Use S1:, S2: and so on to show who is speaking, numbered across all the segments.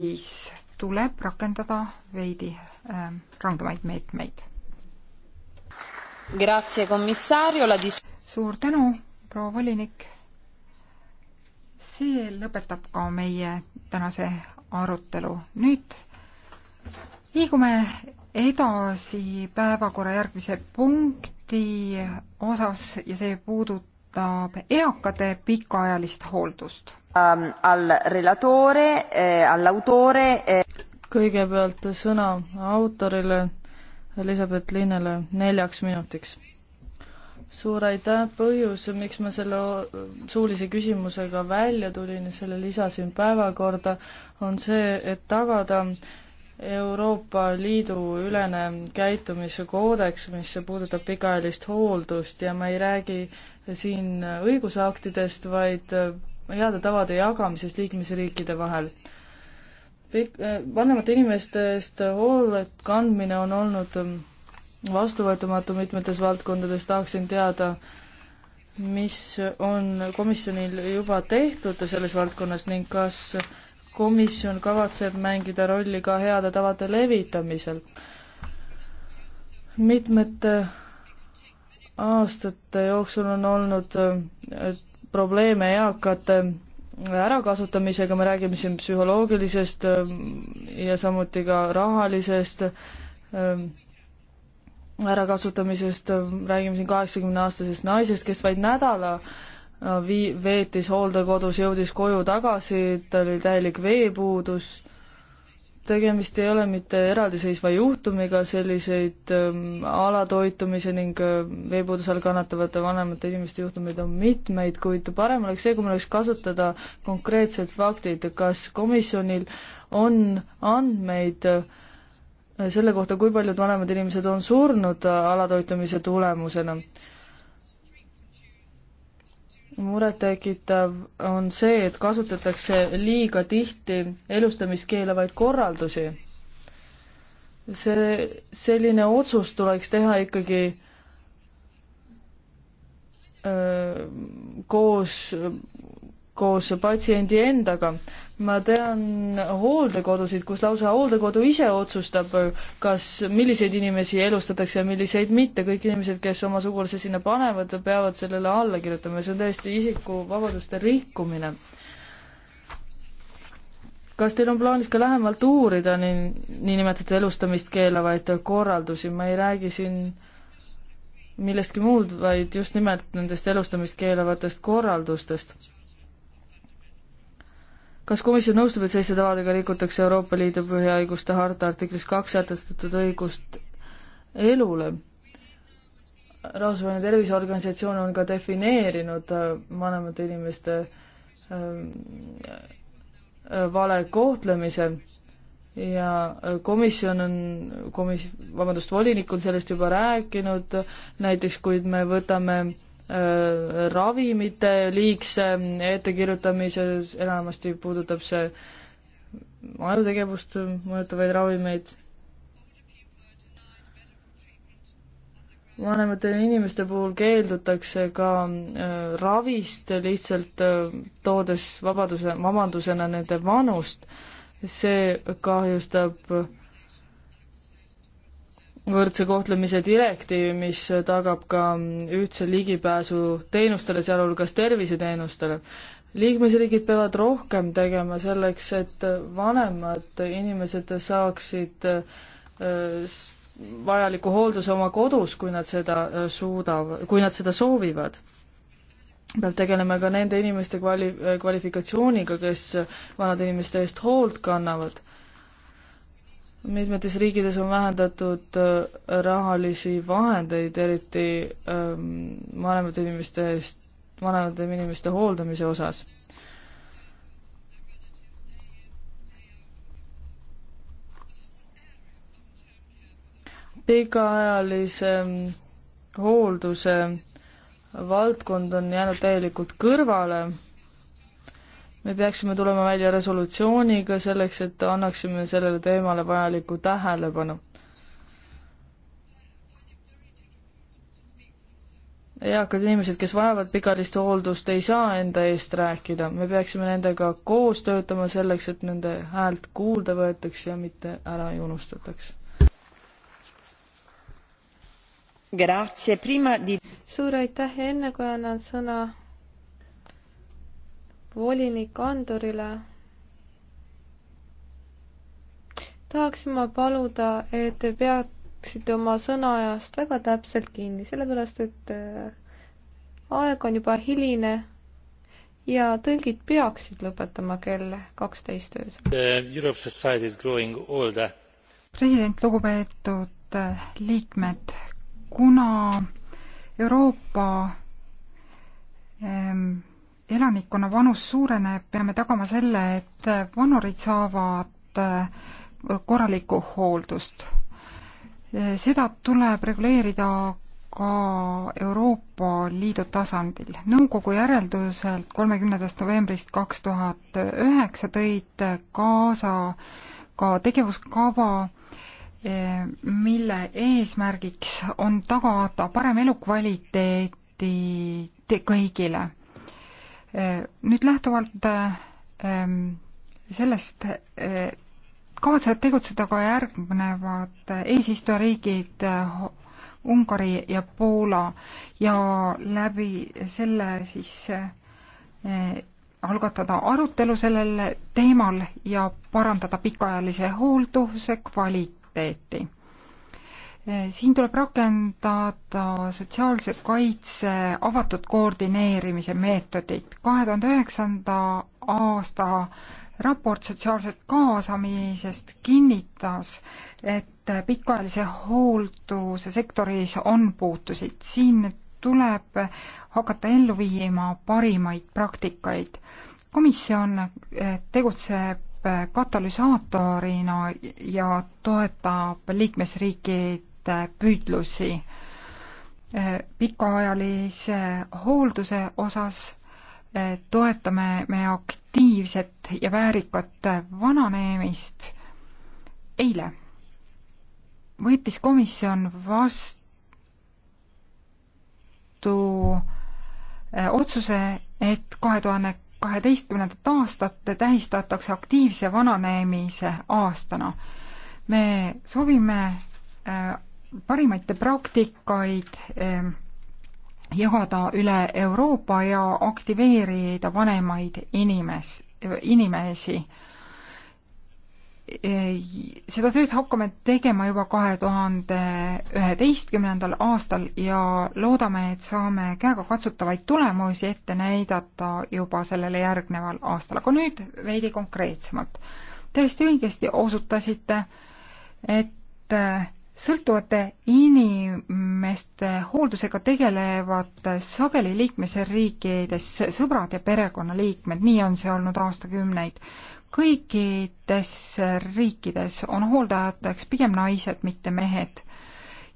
S1: siis tuleb rakendada veidi äh, rangemaid meetmeid. suur tänu, proua volinik. see lõpetab ka meie tänase arutelu. nüüd liigume edasi päevakorra järgmise punkti osas ja see puudutab eakate pikaajalist hooldust Ehm, eh,
S2: eh. kõigepealt sõna autorile Elizabeth Linnele neljaks minutiks. suur aitäh, põhjus, miks ma selle suulise küsimusega välja tulin ja selle lisasin päevakorda, on see, et tagada Euroopa Liidu ülene käitumiskoodeks, mis puudutab pikaajalist hooldust ja ma ei räägi siin õigusaktidest, vaid heade tavade jagamisest liikmesriikide vahel. Äh, vanemate inimeste eest hoolet kandmine on olnud ähm, vastuvõetamatu mitmetes valdkondades, tahaksin teada, mis on komisjonil juba tehtud selles valdkonnas ning kas komisjon kavatseb mängida rolli ka heade tavade levitamisel. mitmete aastate jooksul on olnud äh, probleeme eakate ärakasutamisega, me räägime siin psühholoogilisest ähm, ja samuti ka rahalisest ähm, ärakasutamisest, ähm, räägime siin kaheksakümneaastasest naisest, kes vaid nädala äh, vii-, veetis hooldekodus, jõudis koju tagasi, tal oli täielik veepuudus tegemist ei ole mitte eraldiseisva juhtumiga, selliseid ähm, alatoitumise ning äh, veepuuduse all kannatavate vanemate inimeste juhtumeid on mitmeid, kuid parem oleks see, kui meil oleks kasutada konkreetsed faktid, kas komisjonil on andmeid äh, selle kohta, kui paljud vanemad inimesed on surnud äh, alatoitumise tulemusena murettekitav on see, et kasutatakse liiga tihti elustamist keelavaid korraldusi. see, selline otsus tuleks teha ikkagi öö, koos, koos patsiendi endaga ma tean hooldekodusid, kus lausa hooldekodu ise otsustab, kas, milliseid inimesi elustatakse ja milliseid mitte, kõik inimesed, kes oma sugulase sinna panevad, peavad sellele alla kirjutama ja see on täiesti isikuvabaduste rikkumine. kas teil on plaanis ka lähemalt uurida nii, niinimetatud elustamist keelavaid korraldusi, ma ei räägi siin millestki muud, vaid just nimelt nendest elustamist keelavatest korraldustest kas komisjon nõustub, et selliste tavadega rikutakse Euroopa Liidu põhiõiguste harta artiklis kaks sätestatud õigust elule? rahvusvaheline terviseorganisatsioon on ka defineerinud äh, vanemate inimeste ähm, vale kohtlemise ja äh, komisjon on, komis-, vabandust, volinik on sellest juba rääkinud, näiteks kui me võtame Äh, ravimite liigse ähm, ettekirjutamise, enamasti puudutab see ajutegevust äh, mõjutavaid ravimeid. vanematele inimeste puhul keeldutakse ka äh, ravist lihtsalt toodes vabaduse, vabandusena nende vanust. see kahjustab äh, võrdse kohtlemise direktiivi, mis tagab ka ühtse ligipääsu teenustele, sealhulgas terviseteenustele. liikmesriigid peavad rohkem tegema selleks, et vanemad inimesed saaksid äh, vajaliku hoolduse oma kodus, kui nad seda äh, suudavad, kui nad seda soovivad. peab tegelema ka nende inimeste kvali-, äh, kvalifikatsiooniga, kes vanade inimeste eest hoolt kannavad mitmetes riikides on vähendatud äh, rahalisi vahendeid, eriti ähm, vanemate inimeste eest, vanemate inimeste hooldamise osas. pikaajalise ähm, hoolduse valdkond on jäänud täielikult kõrvale me peaksime tulema välja resolutsiooniga selleks, et annaksime sellele teemale vajalikku tähelepanu. eakad inimesed, kes vajavad pikaajalist hooldust, ei saa enda eest rääkida, me peaksime nendega koos töötama selleks, et nende häält kuulda
S3: võetaks ja mitte ära ei unustataks. suur aitäh ja enne kui annan sõna volinik Andorile tahaksin ma paluda, et te peaksite oma sõnaajast väga täpselt kinni, sellepärast et äh, aeg on juba hiline
S1: ja tõlgid peaksid lõpetama kell kaksteist öösel. president, lugupeetud äh, liikmed, kuna Euroopa ähm, elanikkonna vanus suureneb, peame tagama selle, et vanurid saavad äh, korralikku hooldust. seda tuleb reguleerida ka Euroopa Liidu tasandil. nõukogu järelduselt kolmekümnendast novembrist kaks tuhat üheksa tõid kaasa ka tegevuskava, äh, mille eesmärgiks on tagada parem elukvaliteeti kõigile. Äh, nüüd lähtuvalt äh, ähm, sellest äh, kavatsevad tegutseda ka järgnevad eesistujariigid Ungari ja Poola ja läbi selle siis algatada arutelu sellel teemal ja parandada pikaajalise hoolduse kvaliteeti siin tuleb rakendada sotsiaalse kaitse avatud koordineerimise meetodit. kahe tuhande üheksanda aasta raport sotsiaalsest kaasamisest kinnitas, et pikaajalise hoolduse sektoris on puutusid. siin tuleb hakata ellu viima parimaid praktikaid. komisjon eh, tegutseb katalüsaatorina ja toetab liikmesriikide püüdlusi eh, pikaajalise hoolduse osas eh, toetame me aktiivset ja väärikat vananeemist. eile võttis komisjon vastu eh, otsuse, et kahe tuhande kaheteistkümnendat aastat tähistatakse aktiivse vananemise aastana. me soovime parimaid praktikaid ehm, jagada üle Euroopa ja aktiveerida vanemaid inimes-, inimesi. E, seda tööd hakkame tegema juba kahe tuhande üheteistkümnendal aastal ja loodame, et saame käegakatsutavaid tulemusi ette näidata juba sellele järgneval aastal, aga nüüd veidi konkreetsemalt. täiesti õigesti osutasite, et sõltuvate inimeste hooldusega tegelevad sageli liikmesriikides sõbrad ja perekonnaliikmed, nii on see olnud aastakümneid. kõikides riikides on hooldajateks pigem naised, mitte mehed.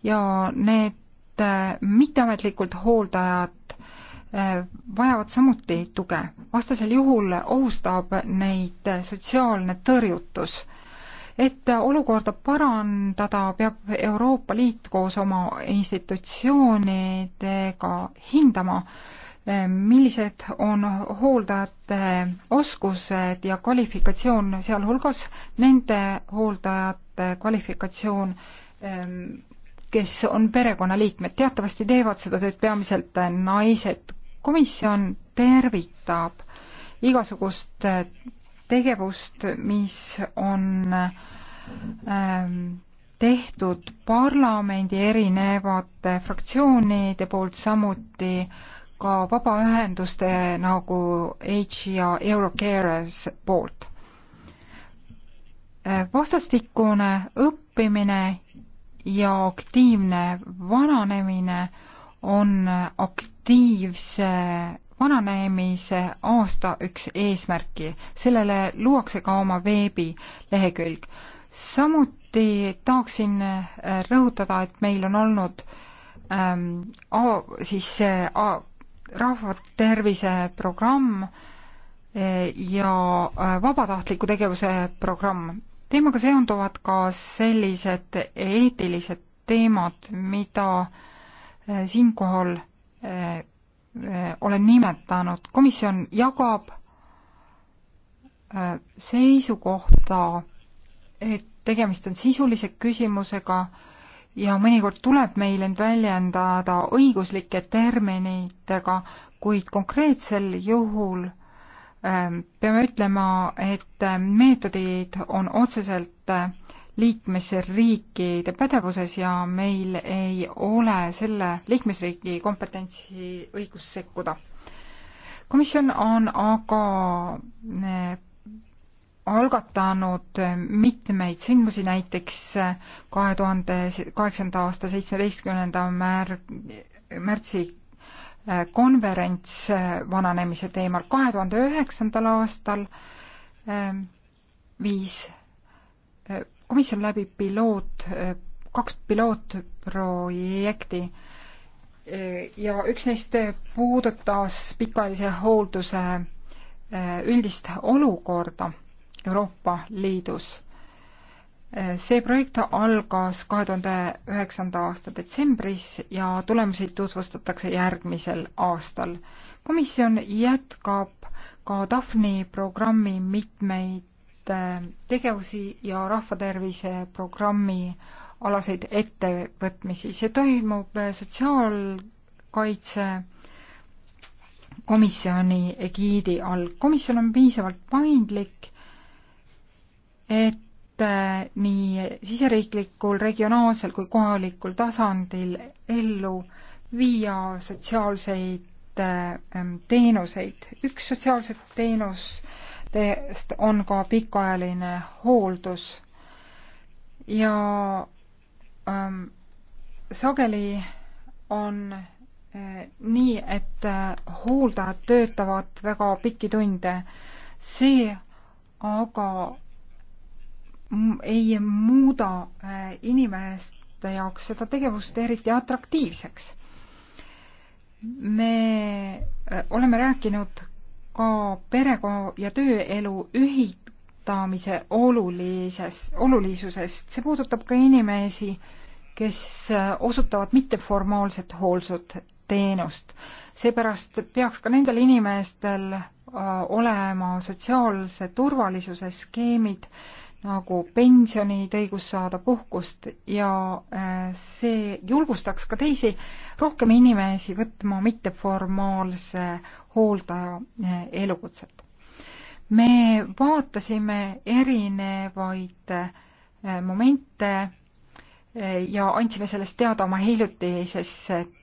S1: ja need äh, mitteametlikult hooldajad äh, vajavad samuti tuge, vastasel juhul ohustab neid äh, sotsiaalne tõrjutus et olukorda parandada, peab Euroopa Liit koos oma institutsioonidega hindama, millised on hooldajate oskused ja kvalifikatsioon, sealhulgas nende hooldajate kvalifikatsioon, kes on perekonnaliikmed. teatavasti teevad seda tööd peamiselt naised. komisjon tervitab igasugust tegevust, mis on ähm, tehtud parlamendi erinevate fraktsioonide poolt, samuti ka vabaühenduste nagu H ja Eurocares poolt. Äh, vastastikune õppimine ja aktiivne vananemine on aktiivse vananemise aasta üks eesmärki, sellele luuakse ka oma veebilehekülg. samuti tahaksin äh, rõhutada, et meil on olnud ähm, a, siis äh, a, rahvatervise programm äh, ja vabatahtliku tegevuse programm. teemaga seonduvad ka sellised eetilised teemad, mida siinkohal Eh, olen nimetanud. komisjon jagab eh, seisukohta, et tegemist on sisulise küsimusega ja mõnikord tuleb meil end väljendada õiguslike terminitega, kuid konkreetsel juhul eh, peame ütlema, et meetodid on otseselt liikmesriikide pädevuses ja meil ei ole selle liikmesriigi kompetentsi õigus sekkuda. komisjon on aga eh, algatanud mitmeid sündmusi, näiteks kahe tuhande kaheksanda aasta seitsmeteistkümnenda mär-, märtsi eh, konverents eh, vananemise teemal. kahe tuhande üheksandal aastal viis komisjon läbi piloot, kaks pilootprojekti ja üks neist puudutas pikaajalise hoolduse üldist olukorda Euroopa Liidus. see projekt algas kahe tuhande üheksanda aasta detsembris ja tulemusi tutvustatakse järgmisel aastal. komisjon jätkab ka DAFNI programmi mitmeid Äh, tegevusi ja rahvatervise programmi alaseid ettevõtmisi. see toimub äh, sotsiaalkaitse komisjoni egiidi all. komisjon on piisavalt paindlik, et äh, nii siseriiklikul, regionaalsel kui kohalikul tasandil ellu viia sotsiaalseid ähm, teenuseid. üks sotsiaalset teenus teest on ka pikaajaline hooldus ja ähm, sageli on äh, nii, et äh, hooldajad töötavad väga pikki tunde. see aga ei muuda äh, inimeste jaoks seda tegevust eriti atraktiivseks. me äh, oleme rääkinud ka perega ja tööelu ühitamise olulises, olulisusest. see puudutab ka inimesi, kes äh, osutavad mitteformaalset hoolsuteenust. seepärast peaks ka nendel inimestel äh, olema sotsiaalse turvalisuse skeemid, nagu pensionid, õigus saada puhkust ja äh, see julgustaks ka teisi, rohkem inimesi võtma mitteformaalse hooldaja eh, elukutset. me vaatasime erinevaid eh, momente eh, ja andsime sellest teada oma hiljutises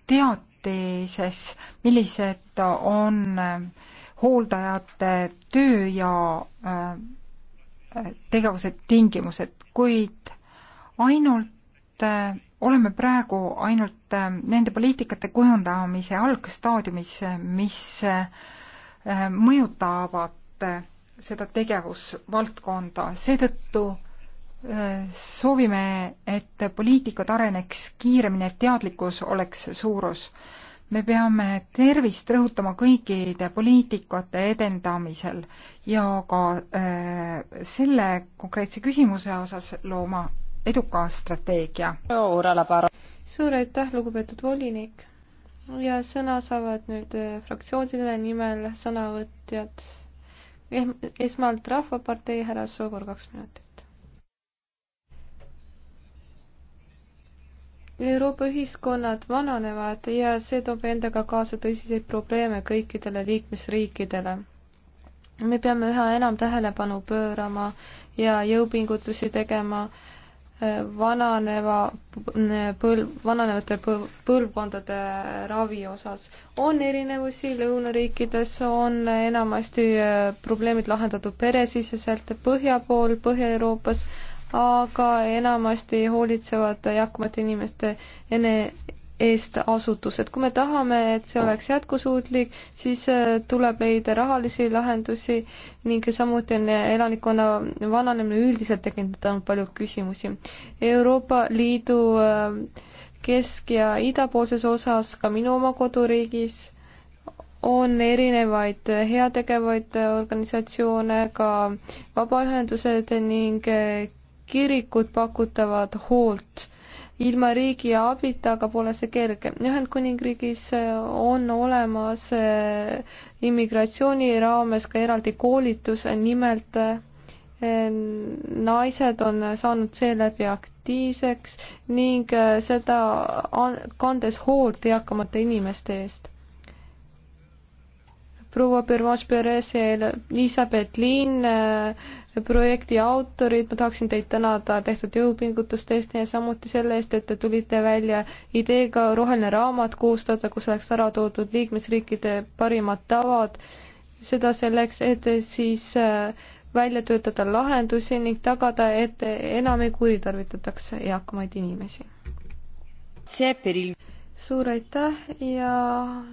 S1: teatises, millised on hooldajate töö ja tegevuse tingimused, kuid ainult oleme praegu ainult äh, nende poliitikate kujundamise algstaadiumis, äh, mis äh, mõjutavad seda tegevusvaldkonda, seetõttu soovime, et poliitikad areneks kiiremini, et teadlikkus oleks suurus. me peame tervist rõhutama kõikide poliitikate edendamisel ja ka äh, selle konkreetse küsimuse osas looma eduka strateegia. suur aitäh, lugupeetud volinik
S3: ja sõna saavad nüüd eh, fraktsioonide nimel sõnavõtjad. Ehm, esmalt Rahvapartei härra Soogor, kaks minutit. Euroopa ühiskonnad vananevad ja see toob endaga kaasa tõsiseid probleeme kõikidele liikmesriikidele. me peame üha enam tähelepanu pöörama ja jõupingutusi tegema äh, vananeva põlv, vananevate põlv, põlvkondade ravi osas. on erinevusi, lõunariikides on enamasti äh, probleemid lahendatud peresiseselt, põhja pool, Põhja-Euroopas, aga enamasti hoolitsevad eakamate inimeste ene, eest asutused. kui me tahame, et see oleks jätkusuutlik, siis äh, tuleb leida rahalisi lahendusi ning samuti on elanikkonna vananemine üldiselt tekitanud palju küsimusi. Euroopa Liidu äh, kesk- ja idapoolses osas, ka minu oma koduriigis, on erinevaid heategevaid organisatsioone, ka vabaühendused ning äh, kirikud pakutavad hoolt ilma riigi abita aga pole see kerge. Ühendkuningriigis äh, on olemas äh, immigratsiooni raames ka eraldi koolitus, nimelt äh, naised on saanud seeläbi aktiivseks ning seda kandes hoolt eakamate inimeste eest proua Pervaš Perez ja Elizabeth Linn, äh, projekti autorid, ma tahaksin teid tänada tehtud jõupingutuste eest ja samuti selle eest, et te tulite välja ideega roheline raamat koostada, kus oleks ära toodud liikmesriikide parimad tavad, seda selleks, et siis äh, välja töötada lahendusi ning tagada, et enam ei kuritarvitatakse eakamaid inimesi suur aitäh ja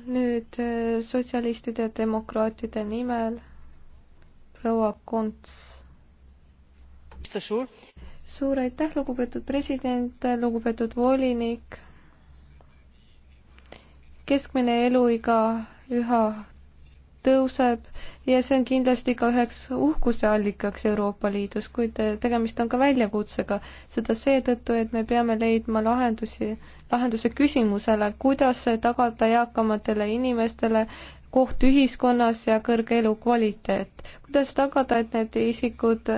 S3: nüüd eh, sotsialistide ja demokraatide nimel proua Konts. suur aitäh, lugupeetud president, lugupeetud volinik. keskmine eluiga üha tõuseb ja see on kindlasti ka üheks uhkuse allikaks Euroopa Liidus, kuid tegemist on ka väljakutsega. seda seetõttu, et me peame leidma lahendusi, lahenduse küsimusele, kuidas tagada eakamatele inimestele koht ühiskonnas ja kõrge elukvaliteet. kuidas tagada, et need isikud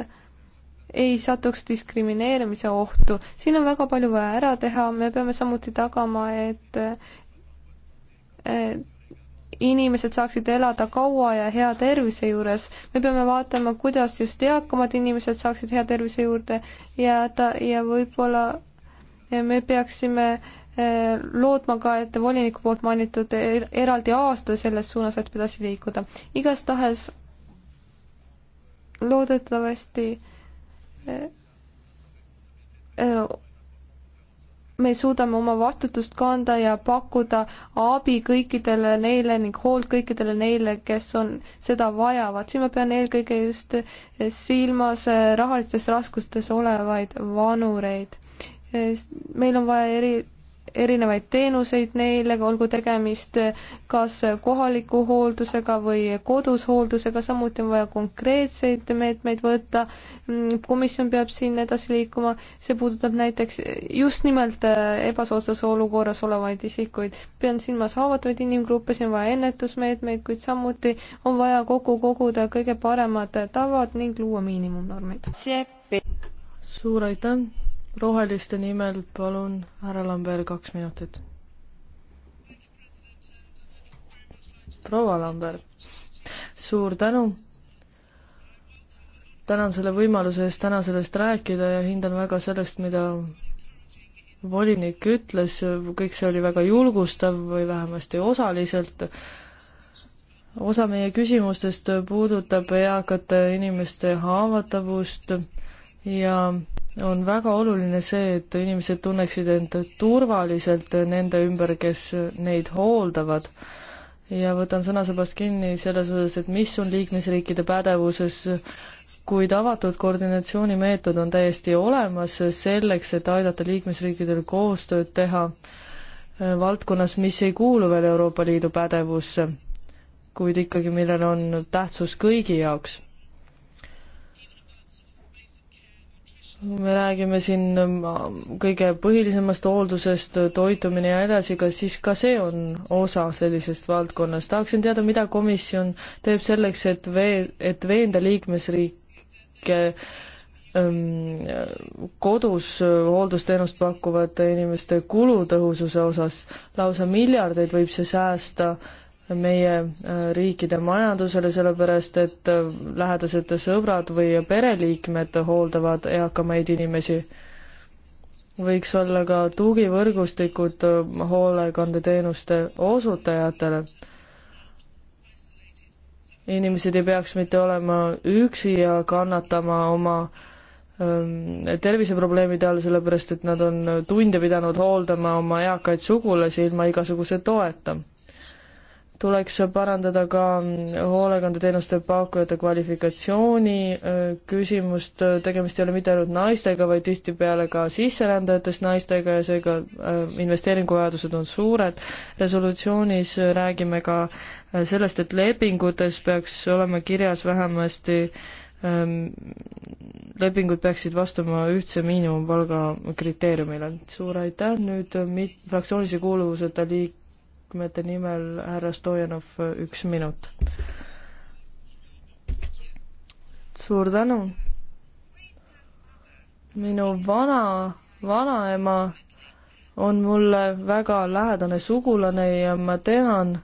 S3: ei satuks diskrimineerimise ohtu. siin on väga palju vaja ära teha, me peame samuti tagama, et, et inimesed saaksid elada kaua ja hea tervise juures. me peame vaatama, kuidas just eakamad inimesed saaksid hea tervise juurde jääda ja võib-olla me peaksime eh, lootma ka, et voliniku poolt mainitud er-, eraldi aasta selles suunas võib edasi liikuda. igastahes loodetavasti eh, eh, me suudame oma vastutust kanda ja pakkuda abi kõikidele neile ning hoolt kõikidele neile, kes on, seda vajavad. siin ma pean eelkõige just silmas rahalistes raskustes olevaid vanureid. meil on vaja eri erinevaid teenuseid neile, olgu tegemist kas kohaliku hooldusega või kodus hooldusega, samuti on vaja konkreetseid meetmeid võtta. komisjon peab siin edasi liikuma, see puudutab näiteks just nimelt äh, ebasoodsas olukorras olevaid isikuid. pean silmas haavatavaid inimgruppe, siin on vaja ennetusmeetmeid, kuid samuti on vaja kokku koguda kõige paremad tavad ning luua miinimumnormid.
S2: suur aitäh! roheliste nimel palun härra Lambert kaks minutit. proua Lambert, suur tänu. tänan selle võimaluse eest täna sellest rääkida ja hindan väga sellest, mida volinik ütles, kõik see oli väga julgustav või vähemasti osaliselt osa meie küsimustest puudutab eakate inimeste haavatavust ja on väga oluline see, et inimesed tunneksid end turvaliselt nende ümber, kes neid hooldavad. ja võtan sõna sebast kinni selles osas, et mis on liikmesriikide pädevuses, kuid avatud koordinatsioonimeetod on täiesti olemas selleks, et aidata liikmesriikidel koostööd teha valdkonnas, mis ei kuulu veel Euroopa Liidu pädevusse, kuid ikkagi, millel on tähtsus kõigi jaoks me räägime siin ähm, kõige põhilisemast hooldusest, äh, toitumine ja edasi, kas siis ka see on osa sellisest valdkonnast? tahaksin teada, mida komisjon teeb selleks, et vee-, et veenda liikmesriike ähm, kodus äh, hooldusteenust pakkuvate inimeste kulutõhususe osas lausa miljardeid võib see säästa äh, meie äh, riikide majandusele, sellepärast et äh, lähedased sõbrad või pereliikmed hooldavad eakamaid inimesi. võiks olla ka tugivõrgustikud äh, hoolekandeteenuste osutajatele. inimesed ei peaks mitte olema üksi ja kannatama oma ähm, terviseprobleemide all, sellepärast et nad on tunde pidanud hooldama oma eakaid sugulasi ilma igasuguse toeta tuleks parandada ka hoolekandeteenuste pakkujate kvalifikatsiooni äh, küsimust, tegemist ei ole mitte ainult naistega, vaid tihtipeale ka sisserändajatest naistega ja seega äh, investeeringuvajadused on suured. resolutsioonis räägime ka äh, sellest, et lepingutes peaks olema kirjas vähemasti ähm, lepingud peaksid vastama ühtse miinimumpalga kriteeriumile. suur aitäh, nüüd mit-, fraktsioonilise kuuluvuseta liik-, liikmete nimel härra Stojanov, üks minut. suur tänu. minu vana, vanaema on mulle väga lähedane sugulane ja ma tean,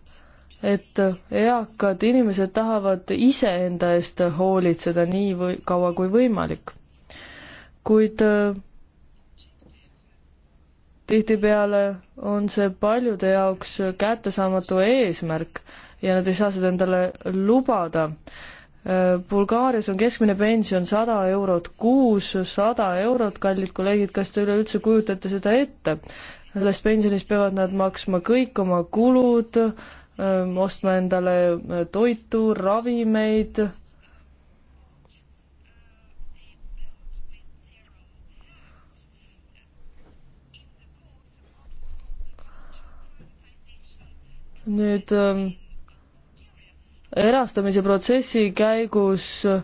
S2: et eakad inimesed tahavad iseenda eest hoolitseda nii või kaua kui võimalik. kuid äh, tihtipeale on see paljude jaoks kättesaamatu eesmärk ja nad ei saa seda endale lubada. Äh, Bulgaarias on keskmine pension sada eurot kuus, sada eurot, kallid kolleegid, kas te üleüldse kujutate seda ette? sellest pensionist peavad nad maksma kõik oma kulud, äh, ostma endale toitu, ravimeid nüüd äh, erastamise protsessi käigus äh,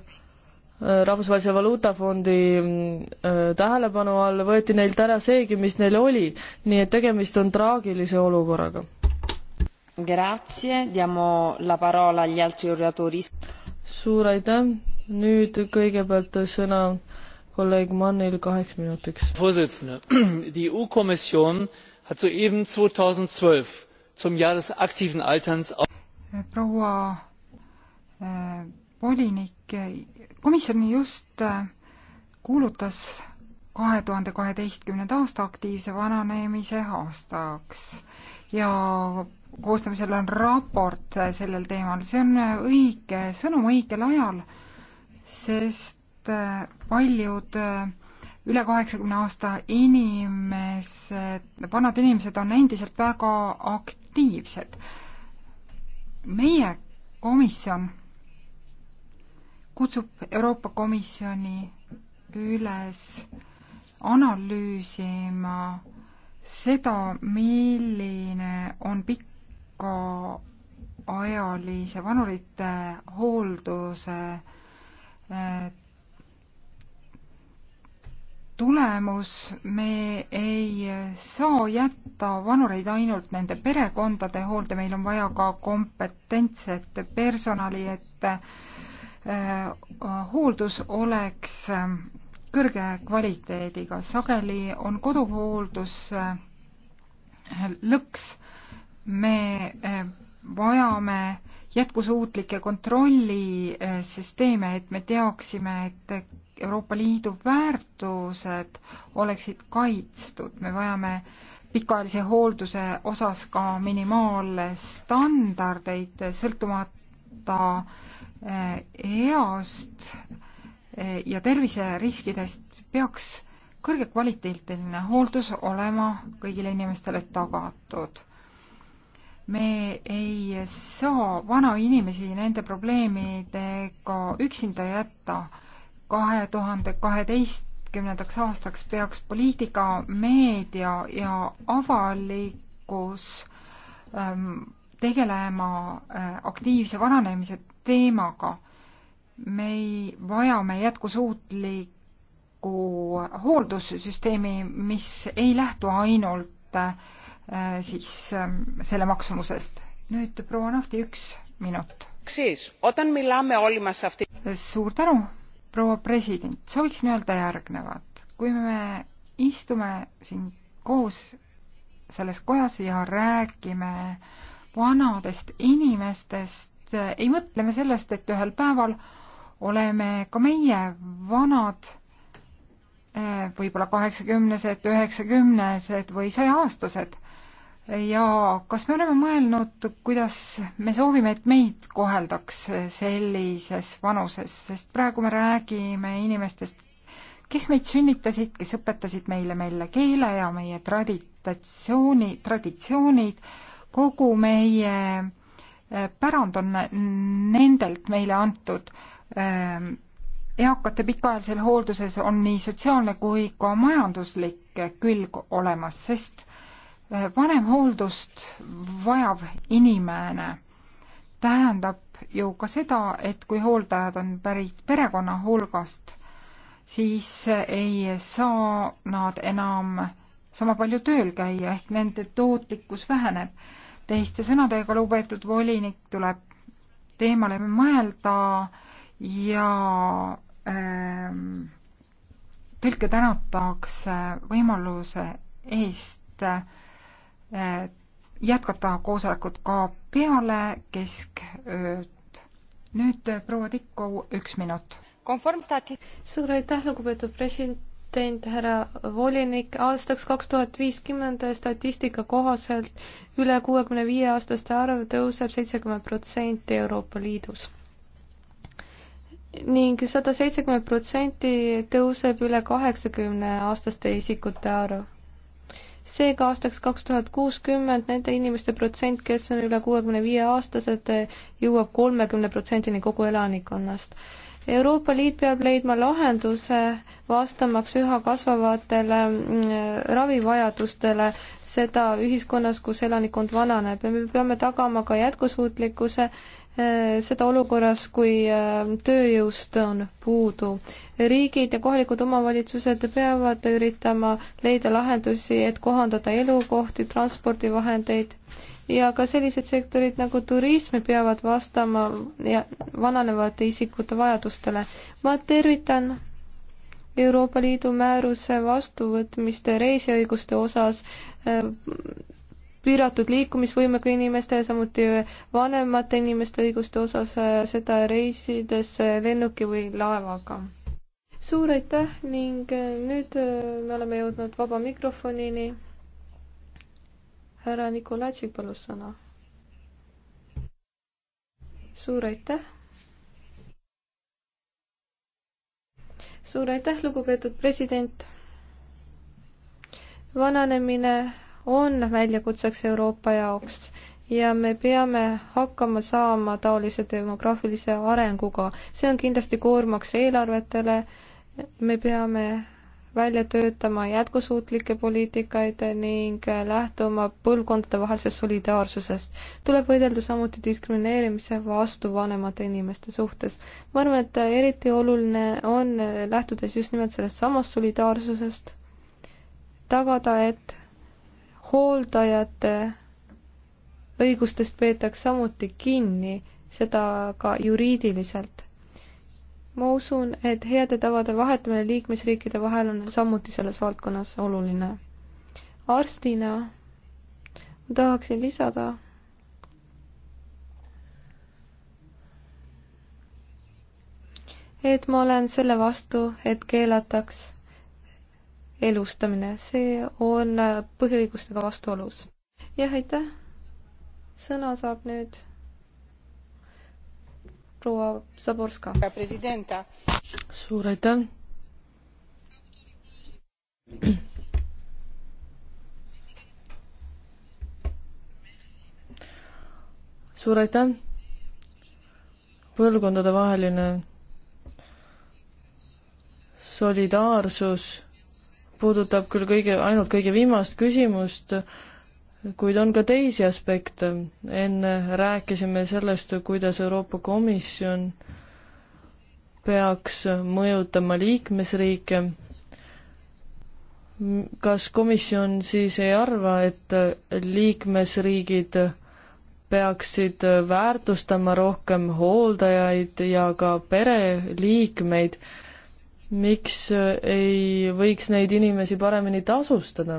S2: Rahvusvahelise Valuutafondi mm, äh, tähelepanu all võeti neilt ära seegi, mis neil oli, nii et tegemist on traagilise olukorraga.
S1: Grazie, diamo la parola agli altri oratori.
S2: suur aitäh, nüüd kõigepealt sõna kolleeg Mannil
S1: kaheks minutiks.
S3: Vorsitzende, die EU-Kommission hat soeben 2012 zum Jahr des aktiven Alterns
S1: proua äh, volinik, komisjon just äh, kuulutas kahe tuhande kaheteistkümnenda aasta aktiivse vananemise aastaks ja koostamisel on raport äh, sellel teemal. see on õige sõnum õigel ajal, sest paljud üle kaheksakümne aasta inimesed, vanad inimesed on endiselt väga akt-, aktiivsed. meie komisjon kutsub Euroopa Komisjoni üles analüüsima seda, milline on pikaajalise vanurite hoolduse eh, tulemus, me ei saa jätta vanureid ainult nende perekondade hoolde, meil on vaja ka kompetentset personali, et äh, hooldus oleks äh, kõrge kvaliteediga. sageli on koduhooldus äh, lõks, me äh, vajame jätkusuutlikke kontrollisüsteeme, et me teaksime, et Euroopa Liidu väärtused oleksid kaitstud, me vajame pikaajalise hoolduse osas ka minimaalstandardeid, sõltumata eh, east eh, ja terviseriskidest peaks kõrgekvaliteetiline hooldus olema kõigile inimestele tagatud me ei saa vanainimesi nende probleemidega üksinda jätta kahe tuhande kaheteistkümnendaks aastaks peaks poliitika, meedia ja avalikkus ähm, tegelema äh, aktiivse vananemise teemaga. me vajame jätkusuutlikku hooldussüsteemi, mis ei lähtu ainult äh, siis ähm, selle maksumusest. nüüd proua Nahti, üks minut. suur tänu proua president, sooviksin öelda järgnevat. kui me istume siin koos selles kojas ja räägime vanadest inimestest, ei mõtle me sellest, et ühel päeval oleme ka meie vanad, eh, võib-olla kaheksakümnesed, üheksakümnesed või sajaaastased ja kas me oleme mõelnud, kuidas me soovime, et meid koheldaks sellises vanuses, sest praegu me räägime inimestest, kes meid sünnitasid, kes õpetasid meile meile keele ja meie traditatsiooni, traditsioonid, kogu meie eh, pärand on nendelt meile antud. Ehm, eakate pikaajalises hoolduses on nii sotsiaalne kui ka majanduslik külg olemas, sest vanem hooldust vajav inimene tähendab ju ka seda, et kui hooldajad on pärit perekonna hulgast, siis ei saa nad enam sama palju tööl käia ehk nende tootlikkus väheneb. teiste sõnadega, lugupeetud volinik, tuleb teemale mõelda ja ähm, tõlke tänatakse võimaluse eest äh, jätkata koosolekut ka peale keskööd. nüüd proua Tikko, üks minut.
S3: suur aitäh, lugupeetud
S1: president,
S3: härra volinik. aastaks kaks tuhat viiskümmend statistika kohaselt üle kuuekümne viie aastaste arv tõuseb seitsekümmend protsenti Euroopa Liidus ning sada seitsekümmend protsenti tõuseb üle kaheksakümne aastaste isikute arv seega aastaks kaks tuhat kuuskümmend nende inimeste protsent, kes on üle kuuekümne viie aastased, jõuab kolmekümne protsendini kogu elanikkonnast. Euroopa Liit peab leidma lahenduse vastamaks üha kasvavatele mm, ravivajadustele, seda ühiskonnas, kus elanikkond vananeb ja me peame tagama ka jätkusuutlikkuse Äh, seda olukorras, kui äh, tööjõust on puudu. riigid ja kohalikud omavalitsused peavad üritama leida lahendusi, et kohandada elukohti, transpordivahendeid ja ka sellised sektorid nagu turism peavad vastama ja vananevate isikute vajadustele. ma tervitan Euroopa Liidu määruse vastuvõtmist reisiõiguste osas äh, piiratud liikumisvõimega inimeste ja samuti vanemate inimeste õiguste osas äh, seda reisides lennuki või laevaga. suur aitäh ning äh, nüüd äh, me oleme jõudnud vaba mikrofonini. härra Nikolatšik palus sõna. suur aitäh. suur aitäh, lugupeetud president vananemine on väljakutseks Euroopa jaoks ja me peame hakkama saama taolise demograafilise arenguga. see on kindlasti koormaks eelarvetele, me peame välja töötama jätkusuutlikke poliitikaid ning lähtuma põlvkondadevahelisest solidaarsusest. tuleb võidelda samuti diskrimineerimise vastu vanemate inimeste suhtes. ma arvan, et eriti oluline on, lähtudes just nimelt sellest samast solidaarsusest, tagada, et hooldajate õigustest peetakse samuti kinni, seda ka juriidiliselt. ma usun, et heade tavade vahetamine liikmesriikide vahel on samuti selles valdkonnas oluline. arstina tahaksin lisada, et ma olen selle vastu, et keelataks elustamine, see on põhiõigustega vastuolus. jah, aitäh. sõna saab nüüd proua Zaborska. suur aitäh.
S2: suur aitäh. põlvkondadevaheline solidaarsus puudutab küll kõige, ainult kõige viimast küsimust, kuid on ka teisi aspekte. enne rääkisime sellest, kuidas Euroopa Komisjon peaks mõjutama liikmesriike. kas komisjon siis ei arva, et liikmesriigid peaksid väärtustama rohkem hooldajaid ja ka pereliikmeid, miks äh, ei võiks neid inimesi paremini tasustada?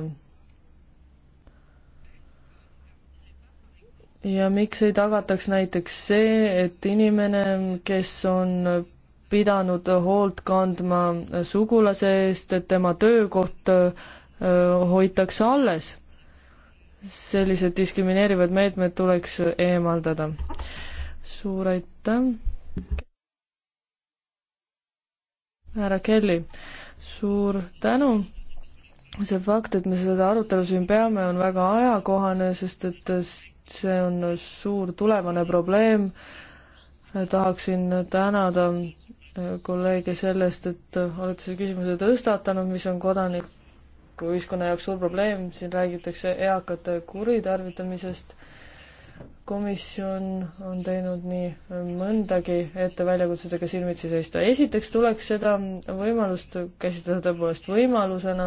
S2: ja miks ei tagataks näiteks see, et inimene, kes on pidanud hoolt kandma sugulase eest, et tema töökoht äh, hoitakse alles? sellised diskrimineerivad meetmed tuleks eemaldada. suur aitäh! härra Kelly, suur tänu. see fakt, et me seda arutelu siin peame, on väga ajakohane, sest et see on suur tulevane probleem. tahaksin tänada äh, kolleege sellest, et olete selle küsimuse tõstatanud, mis on kodanikuühiskonna jaoks suur probleem, siin räägitakse eakate kuritarvitamisest komisjon on teinud nii mõndagi, et väljakutsedega silmitsi seista. esiteks tuleks seda võimalust käsitleda tõepoolest võimalusena,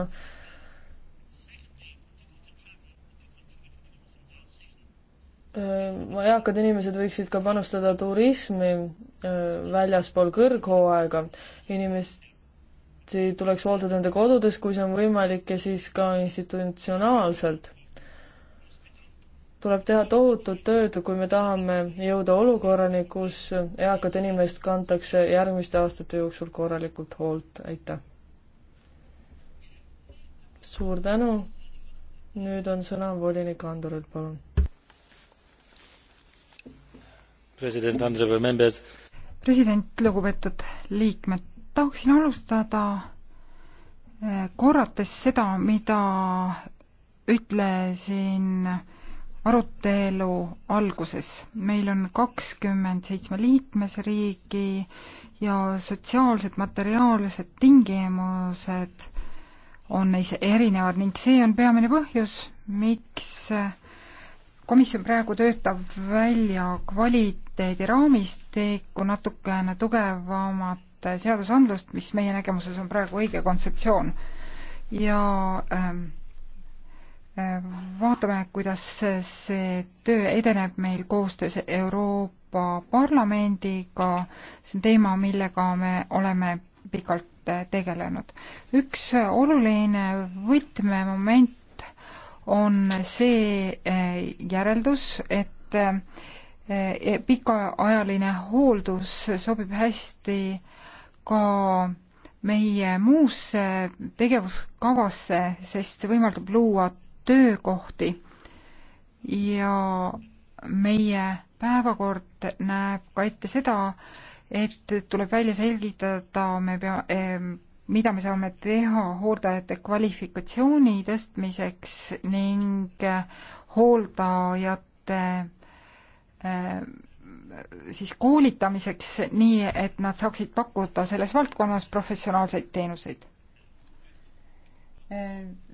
S2: äh, eakad inimesed võiksid ka panustada turismi äh, väljaspool kõrghooaega. inimesi tuleks hooldada nende kodudes, kui see on võimalik, ja siis ka institutsionaalselt tuleb teha tohutut tööd, kui me tahame jõuda olukorrani, kus eakat inimest kantakse järgmiste aastate jooksul korralikult hoolt, aitäh! suur tänu, nüüd on sõna volinik Andoril, palun.
S3: president Andrei Membes.
S1: president, lugupeetud liikmed, tahaksin alustada eh, korrates seda, mida ütlesin äh, arutelu alguses. meil on kakskümmend seitsme liikmesriigi ja sotsiaalsed, materiaalsed tingimused on neis erinevad ning see on peamine põhjus, miks komisjon praegu töötab välja kvaliteediraamistiku natukene tugevamat seadusandlust, mis meie nägemuses on praegu õige kontseptsioon. ja ähm, vaatame, kuidas see töö edeneb meil koostöös Euroopa Parlamendiga, see on teema, millega me oleme pikalt tegelenud. üks oluline võtmemoment on see eh, järeldus, et eh, pikaajaline hooldus sobib hästi ka meie muusse tegevuskavasse, sest see võimaldab luua töökohti ja meie päevakord näeb ka ette seda, et tuleb välja selgitada, me pea eh,, mida me saame teha hooldajate kvalifikatsiooni tõstmiseks ning hooldajate eh, siis koolitamiseks, nii et nad saaksid pakkuda selles valdkonnas professionaalseid teenuseid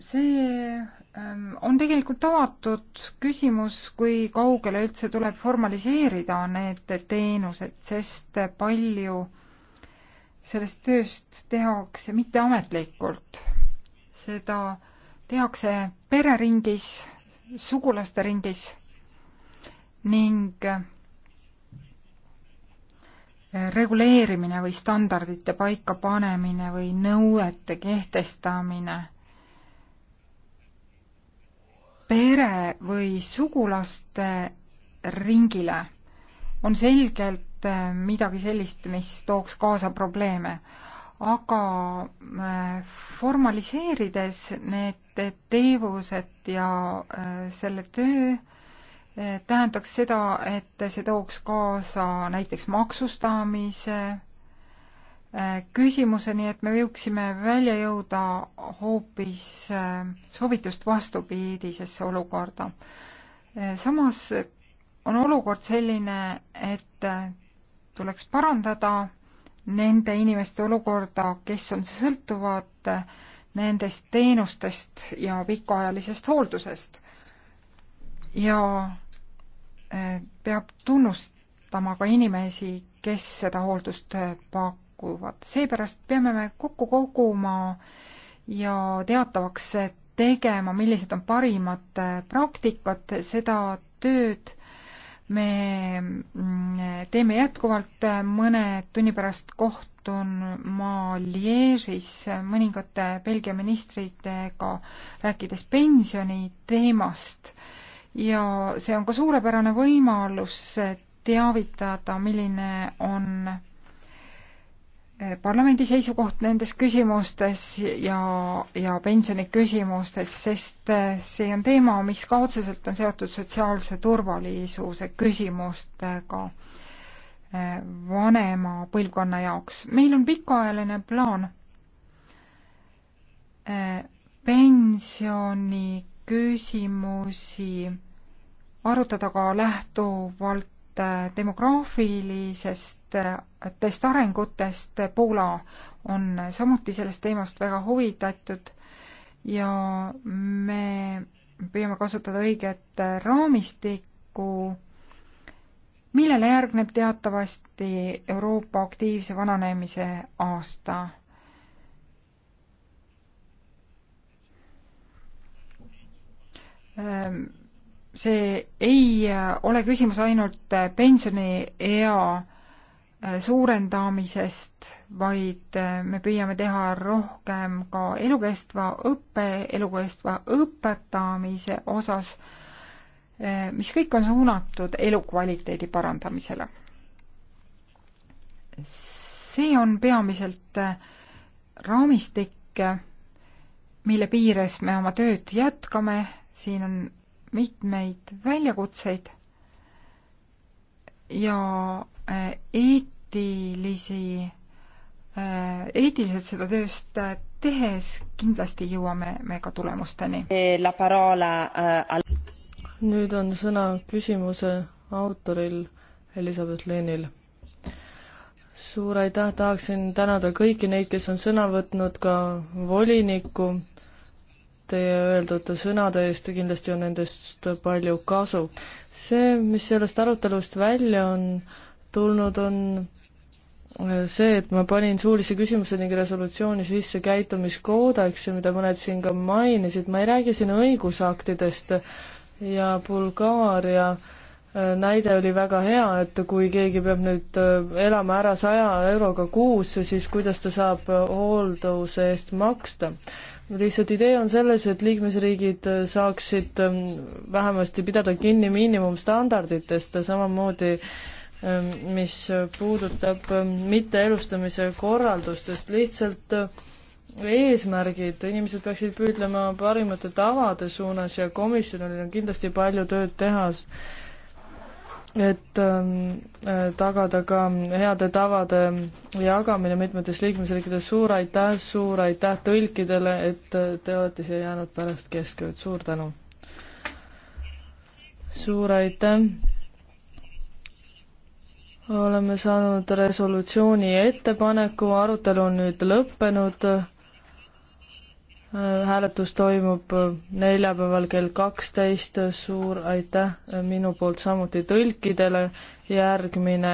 S1: see ähm, on tegelikult avatud küsimus, kui kaugele üldse tuleb formaliseerida need teenused, sest palju sellest tööst tehakse mitteametlikult. seda tehakse pereringis, sugulaste ringis ning äh, reguleerimine või standardite paikapanemine või nõuete kehtestamine pere või sugulaste ringile on selgelt äh, midagi sellist, mis tooks kaasa probleeme. aga äh, formaliseerides need teevused ja äh, selle töö, tähendaks seda, et see tooks kaasa näiteks maksustamise, Äh, küsimuse, nii et me võiksime välja jõuda hoopis äh, soovitust vastupidisesse olukorda. Äh, samas on olukord selline, et tuleks parandada nende inimeste olukorda, kes on sõltuvad nendest teenustest ja pikaajalisest hooldusest. ja peab tunnustama ka inimesi, kes seda hooldust pakuvad kukuvad. seepärast peame me kokku koguma ja teatavaks tegema, millised on parimad äh, praktikad, seda tööd me mm, teeme jätkuvalt, mõne tunni pärast kohtun ma Liežis mõningate Belgia ministritega, rääkides pensioni teemast. ja see on ka suurepärane võimalus teavitada, milline on Eh, parlamendi seisukoht nendes küsimustes ja, ja pensioniküsimustes, sest eh, see on teema, mis ka otseselt on seotud sotsiaalse turvalisuse küsimustega eh, vanema põlvkonna jaoks. meil on pikaajaline plaan pensioniküsimusi arutada ka lähtuvalt demograafilisest viimastest arengutest. Poola on samuti sellest teemast väga huvitatud ja me püüame kasutada õiget raamistikku, millele järgneb teatavasti Euroopa aktiivse vananemise aasta. see ei ole küsimus ainult pensioniea Äh, suurendamisest, vaid äh, me püüame teha rohkem ka elukestva õppe, elukestva õpetamise osas, äh, mis kõik on suunatud elukvaliteedi parandamisele. see on peamiselt raamistik, mille piires me oma tööd jätkame, siin on mitmeid väljakutseid ja äh, eetilisi, äh, eetiliselt seda tööst äh, tehes kindlasti jõuame me ka tulemusteni. Eh, nüüd on sõna
S2: küsimuse autoril Elizabeth Lenil suur aitäh, tahaksin tänada kõiki neid, kes on sõna võtnud, ka volinikku teie öeldud sõnade eest ja kindlasti on nendest palju kasu. see, mis sellest arutelust välja on tulnud, on äh, see, et ma panin suulise küsimuse ning resolutsiooni sisse käitumiskoodeksi, mida mõned siin ka mainisid, ma ei räägi siin õigusaktidest ja Bulgaaria äh, näide oli väga hea, et kui keegi peab nüüd äh, elama ära saja euroga kuus, siis kuidas ta saab hoolduse eest maksta lihtsalt idee on selles, et liikmesriigid äh, saaksid ähm, vähemasti pidada kinni miinimumstandarditest, samamoodi ähm, mis äh, puudutab ähm, mitteelustamise korraldustest, lihtsalt äh, eesmärgid, inimesed peaksid püüdlema parimate tavade suunas ja komisjonil on kindlasti palju tööd teha et ähm, äh, tagada ka heade tavade jagamine mitmetes liikmesriikides. suur aitäh, suur aitäh tõlkidele, et äh, te olete siia jäänud pärast keskööd, suur tänu! suur aitäh! oleme saanud resolutsiooni ettepaneku, arutelu on nüüd lõppenud Äh, hääletus toimub äh, neljapäeval kell kaksteist, äh, suur aitäh minu poolt samuti tõlkidele, järgmine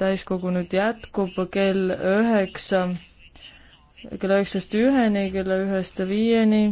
S2: täiskogu nüüd jätkub kell üheksa, kella üheksast üheni, kella ühest viieni